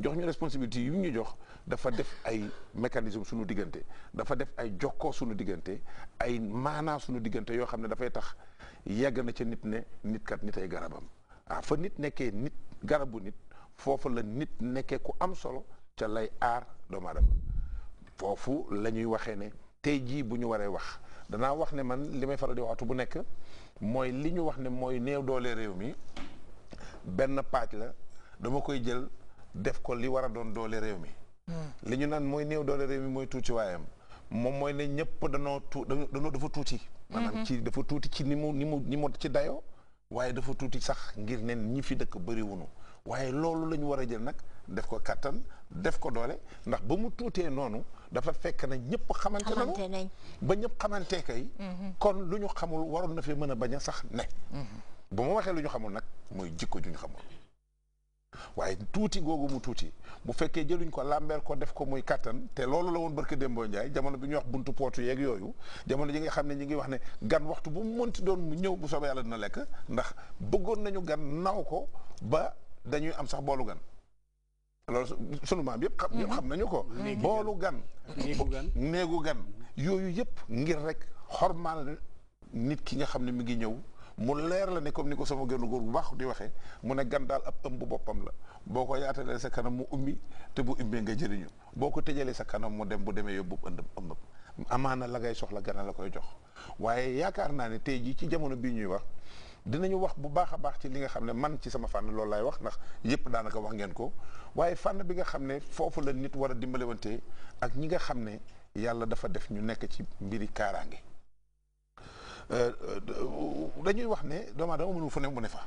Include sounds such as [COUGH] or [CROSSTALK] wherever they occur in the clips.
jox ñu responsabilité yu ñu jox dafa def ay mécanisme suñu diggante dafa def ay jokkoo suñu diggante ay maanaa suñu diggante yoo xam ne dafay tax yegg na ca nit ne nit kat nit ay garabam ah fa nit nekkee nit garabu nit foofu la nit nekkee ku am solo ca lay aar doomu foofu la ñuy waxee ne tey jii bu ñu waree wax danaa wax ne man li may faral di waxtu bu nekk mooy li ñu wax ne mooy néew doolee réew mi benn paaj la dama koy jël def ko li war doon doole réew mi. Hmm. li ñu naan mooy néew doole réew mi mooy tuuti waayam moom mooy ne ñëpp danoo tu danoo dafa tuuti. Hmm. maanaam dafa tuuti ci ni mu ni mu ni mu waaye dafa tuuti sax ngir ne ñi fi dëkk bëri wunu waaye loolu la ñu war a jël nag def ko kattan def ko doole ndax ba mu tuutee noonu dafa fekk na ñëpp xamante nañ ba ñëpp xamante kay hmm. kon lu ñu xamul waroon na fi mën a bañ a sax ne bu ma waxee lu ñu xamul nag mooy jikko ju ñu xamul waaye tuuti googu mu tuuti bu fekkee jëluñ ko làmbeer ko def ko muy kattan te loolu la woon barka démboo Njaay jamono bi wax buntu pootu yeeg yooyu jamono yi nga xam ñi ngi wax ne gan waxtu bu mu mënti doon mu ñëw bu soobee yàlla dina lekk ndax bëggoon nañu gan naw ko ba dañuy am sax bologan, gan loolu sunu maam yëpp xam mm-hmm. xam nañu ko bologan, gan néegu gan yooyu yëpp ngir rek xormaal nit ki nga xam mi ngi ñëw mu leer la ne comme ni ko sama gënu góor bu baax di waxee mu ne gan daal ab ëmb boppam la boo ko yaatalee sa kanam mu ummi te bu ummee nga jëriñu boo ko tëjalee sa kanam mu dem bu demee yóbbu ëndam ëmbam amaana la ngay soxla gana la koy jox waaye yaakaar naa ne tey jii ci jamono bii ñuy wax dinañu wax bu baax a baax ci li nga xam ne man ci sama fànn loolu laay wax ndax yëpp daanaka wax ngeen ko waaye fànn bi nga xam ne foofu la nit war a dimbalewante ak ñi nga xam ne yàlla dafa def ñu nekk ci mbiri kaaraange Euh, euh, euh, dañuy wax ne doomu aadama mënul fu ne mu ne fa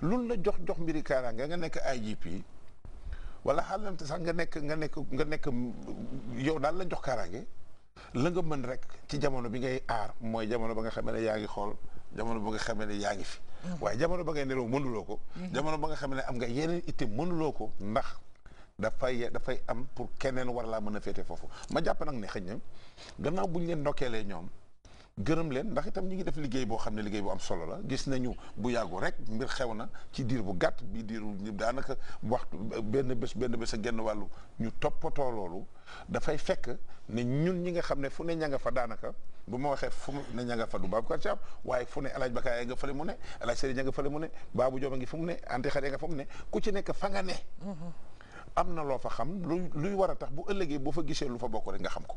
loolu la jox jox mbiri kaaraange nga nekk IGP wala xaalam te sax nga nekk nga nekk nga nekk yow daal la jox kaaraange la mën rek ci jamono bi ngay aar mooy jamono ba nga xamee ne yaa ngi xool jamono ba nga xamee ne yaa ngi fi mm-hmm. waaye jamono ba ngay nelaw mënuloo ko mm-hmm. jamono ba nga xamee ne am nga yeneen itte mënuloo ko ndax dafay dafay am pour keneen war laa mën a féete foofu ma jàpp nag ne xëy na gannaaw buñ leen ndokkeelee ñoom gërëm leen ndax itam ñi ngi def liggéey boo xam ne liggéey bu am solo la gis nañu bu yàggu rek mbir xew na ci diir bu gàtt bi diiru ñi daanaka waxtu benn bés benn bés a genn wàllu ñu toppatoo loolu dafay fekk ne ñun ñi nga xam ne fu ne ña nga fa daanaka bu ma waxee fu ne ña nga fa du Babacar Thiam waaye fu ne El Hadj Bakaya nga fële mu ne El Hadj Serigne nga fële mu ne baabu Diop ngi fu mu ne Anta Xare nga fu mu ne ku ci nekk fa nga ne. Mm-hmm. am na loo fa xam luy luy war a tax bu ëllëgee boo fa gisee lu fa bokk rek nga xam ko.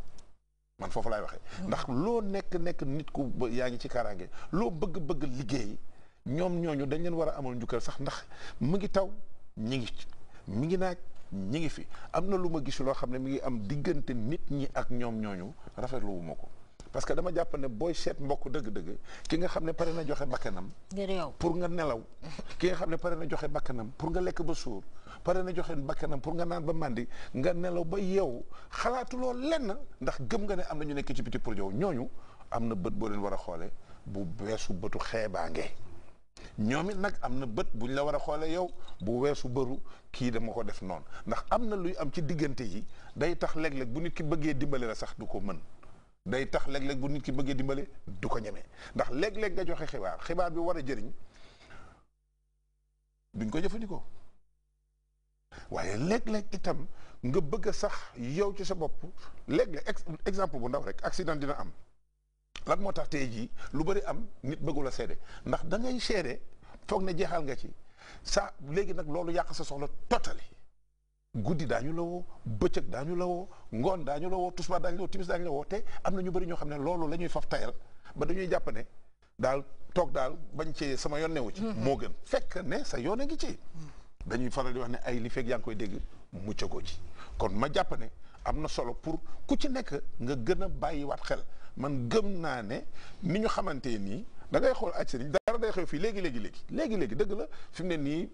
man foofu laay waxee. Mm. ndax loo nekk nekk nit ku yaa ngi ci kaaraange loo bëgg bëgg liggéey ñoom ñooñu dañ leen war a amal njukkal sax ndax mu ngi taw ñi ngi mi ngi naaj ñi ngi fi am na lu ma gis loo xam ne mi ngi am diggante nit ñi ak ñoom ñooñu rafetlu wu ma ko. parce que dama jàpp ne booy seet mbokk dëgg-dëgg ki nga xam ne pare na joxe bakkanam pour nga nelaw ki nga xam ne pare na joxe bakkanam pour nga lekk ba suur pare na joxe bakkanam pour nga naan ba màndi nga nelaw ba yeewu xalaatuloo lenn ndax gëm nga ne am na ñu nekk ci biti pour yow ñooñu am na bët boo deen war a xoolee bu weesu bëtu xeebaange ñoom it nag am na bët bu ñu la war a xoolee yow bu weesu bëru kii dama ko def noonu ndax am na luy am ci diggante yi day tax léeg-léeg bu nit ki bëggee dimbale la sax du ko mën day tax léeg-léeg bu nit ki bëggee dimbale du ko ñeme ndax léeg-léeg nga joxe xibaar xibaar bi war a jëriñ duñ ko jëfandikoo. waaye léeg-léeg itam nga bëgg sax yow ci sa bopp léeg-léeg exemple bu ndaw rek accident dina am lan moo tax tey jii lu bëri am nit bëggul a seede ndax da ngay seede foog ne jeexal nga ci sa léegi nag loolu yàq sa soxla totali guddi daañu la woo bëccëg daañu la ngoon daañu la woo tisbaar daañu la woo timis daañu la te am na ñu bëri ñoo xam ne loolu lañuy ñuy faf tayal ba dañuy jàpp ne daal toog daal bañ ci sama yoon newu ci mm-hmm. moo gën fekk ne sa yoon a ngi ci mm-hmm. dañuy faral di wax ne ay li fekk yaa ngi koy dégg ko ci kon ma jàpp ne am na solo pour ku ci nekk nga gën bàyyiwaat xel man gëm naa ne ni ñu xamante nii dangay xool aj sëriñ dara day xew fii léegi léegi léegi léegi léegi dëgg la fi mu ne nii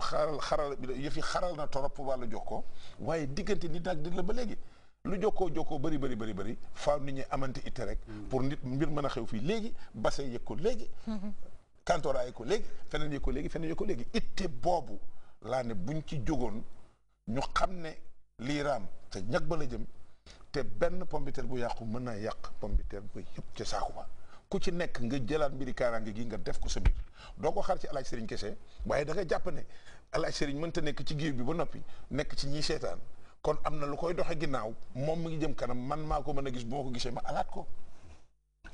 xaral xaral yëf xaral na torop wàllu jox ko waaye diggante nit ak nit la ba léegi lu jokkoo jokkoo bari bëri bëri bëri faaw nit ñi amante itte rek hmm. pour nit mbir mën a xew fii léegi base yëg ko léegi hmm. kantoora yëg ko léegi feneen yëg ko léegi feneen yëg léegi itte boobu laa ne buñ ci jógoon ñu xam ne lii raam te ñag ba la jëm te benn pombiteer bu yàqu mën naa yàq pombiteer bu yëpp ca saaku ba ku ci nekk nga jëlaat mbiri kaaraange gi nga def ko sa biir doo ko xar ci alaaj sëriñ kese waaye da jàpp ne alaaj sëriñ mënta nekk ci géew bi ba noppi nekk ci ñi seetaan kon am na lu koy doxe ginnaaw moom mu ngi jëm kanam man maa ko mën a gis boo ko gisee ma alaat ko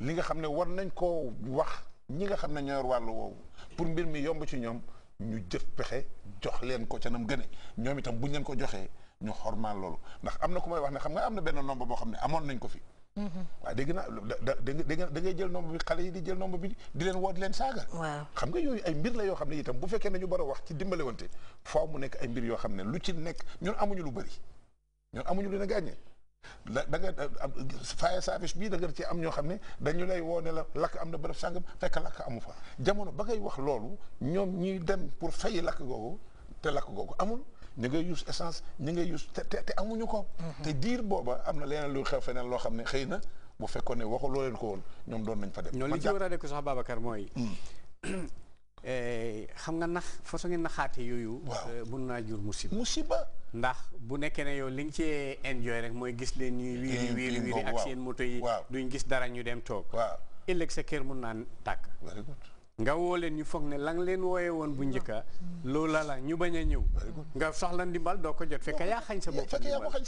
li nga xam ne war nañ koo wax ñi nga xam ne ñoo yor woowu pour mbir mi yomb ci ñoom ñu jëf pexe jox leen ko ca nam gëne ñoom itam buñ leen ko joxee ñu xormaal loolu ndax am na ku may wax ne xam nga am na benn nombre boo xam ne amoon nañ ko fi. Mm-hmm. waaw dégg naa da da ngay jël nombre bi xale yi di jël nombre bi di leen woo di leen saaga. waaw xam nga yooyu ay mbir la yoo xam ne itam bu fekkee ne ñu war a wax ci dimbalewante faaw mu nekk ay mbir yoo xam ne lu ci nekk ñun amuñu lu bëri ñun amuñu lu ne gàññee da da nga eh, faaye saafis bii da nga ci am ñoo xam ne dañu lay woo ne la lakk am na bërëb sàngam fekk lakk amu fa jamono ba ngay wax loolu ñoom ñuy dem pour fay lakk googu te lakk googu amul ñu ngay use essence ñu ngay use te te amuñu ko. Mm-hmm. te diir booba am na leneen lu xew feneen loo xam ne xëy na bu fekkoon ne waxu loo leen ko woon ñoom doon nañ fa dem. ñoom li ci war a def ko sax Babacar mooy. Mm. [COUGHS] Eh, xam nga nax façon ngeen naxaate yooyu. waaw eh, mun naa jur musiba. musiba. ndax bu nekkee ne yow li nga cee enjoy rek mooy gis leen ñuy wiiri wiiri wiiri ak seen moto yi duñ gis dara ñu dem toog ëllëg sa kër mun naa tàkk nga woo leen ñu foog ne la leen wooyee woon bu njëkka loola la ñu bañ a ñëw nga soxla ndimbal doo ko jot fekk yaa xañ sa bopp fekk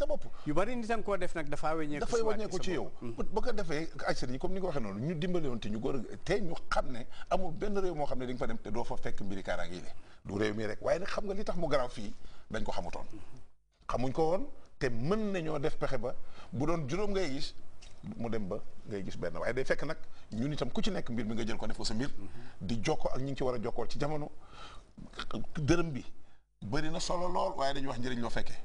bopp yu bari nit an koo def nag dafaa wéññeeku dafay wàññeeku ci yow mm-hmm. ba ko defee acteurs comme ni waxee noonu ñu dimbale woon te ñu góor tey ñu xam ne amul benn réew moo xam ne di nga fa dem te doo fa fekk mbiri kaaraange yi du réew mi rek waaye nag xam nga li tax mu garaaw fii dañ ko xamutoon xamuñ ko woon te mën nañoo def pexe ba bu doon juróom ngay gis mu dem ba ngay gis benn waaye day fekk nag ñun itam ku ci nekk mbir mi nga jël ko def ko sa mbir di jokko ak ñu ngi ci war a jokkoo ci jamono dërëm bi bëri na solo lool waaye dañuy wax njëriñ loo fekkee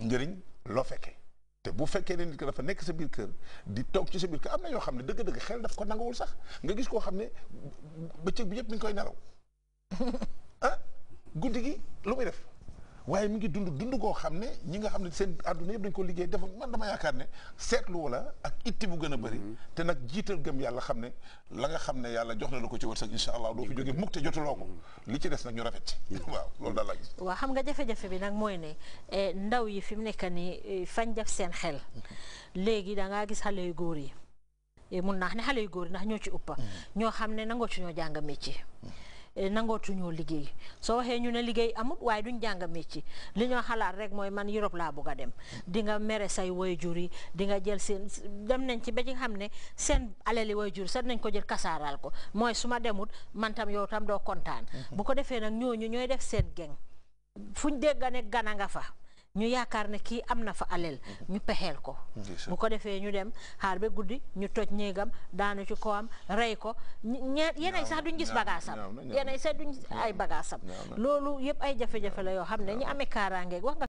njëriñ loo fekkee te bu fekkee ne nit dafa nekk sa biir kër di toog ci sa biir am na yoo xam ne dëgg-dëgg xel daf ko nanguwul sax nga gis koo xam ne bëccëg bi yëpp mi ngi koy nelaw [LAUGHS] ah, guddi gi lu muy def waaye mu ngi dund dund koo xam ne ñi nga xam ne seen àdduna yëpp dañ ko liggéey defa man dama yaakaar ne seetlu wala ak itti bu gën a bëri mm-hmm. te nag jiital gëm yàlla xam ne la nga xam ne yàlla jox na la ko ci wërsëg incha allah doo fi jóge mukk te jotuloo mm-hmm. li ci des ñu rafet mm-hmm. waaw loolu daal laa gis xam nga jafe bi nag mooy ne eh, ndaw yi fi mu nekk ni eh, fañ def seen xel léegi dangaa gis xale yu góor yi eh, mun naax ne xale yu góor yi ndax ñoo ci ëpp ñoo xam ne nangoo ci ñoo jàng métier Eh, nangootuñoo liggéey soo waxee ñu ne liggéey amut waaye duñ jàng métier li ñoo xalaat rek mooy man Europe laa bugg dem di nga mere say waajur yi di nga jël seen dem nañ ci ba ci xam ne seen alali waajur set nañ ko jël kasaaral ko mooy su ma demut mantam yow tam doo kontaan mm-hmm. bu ko defee nag ñooñu ñooy def seen geng fuñ dégg ne gana nga fa ñu yaakaar ne kii am na fa alel mhm. ñu pexeel ko bu ko defee ñu dem xaar ba guddi ñu toj néegam daanu ci ko am rey ko ñee yeneen sax duñ gis bagaasam yeneen sax duñ gis ay bagaasam loolu yëpp ay jafe-jafe la yoo xam ne ñu amee kaaraangeeg wax nga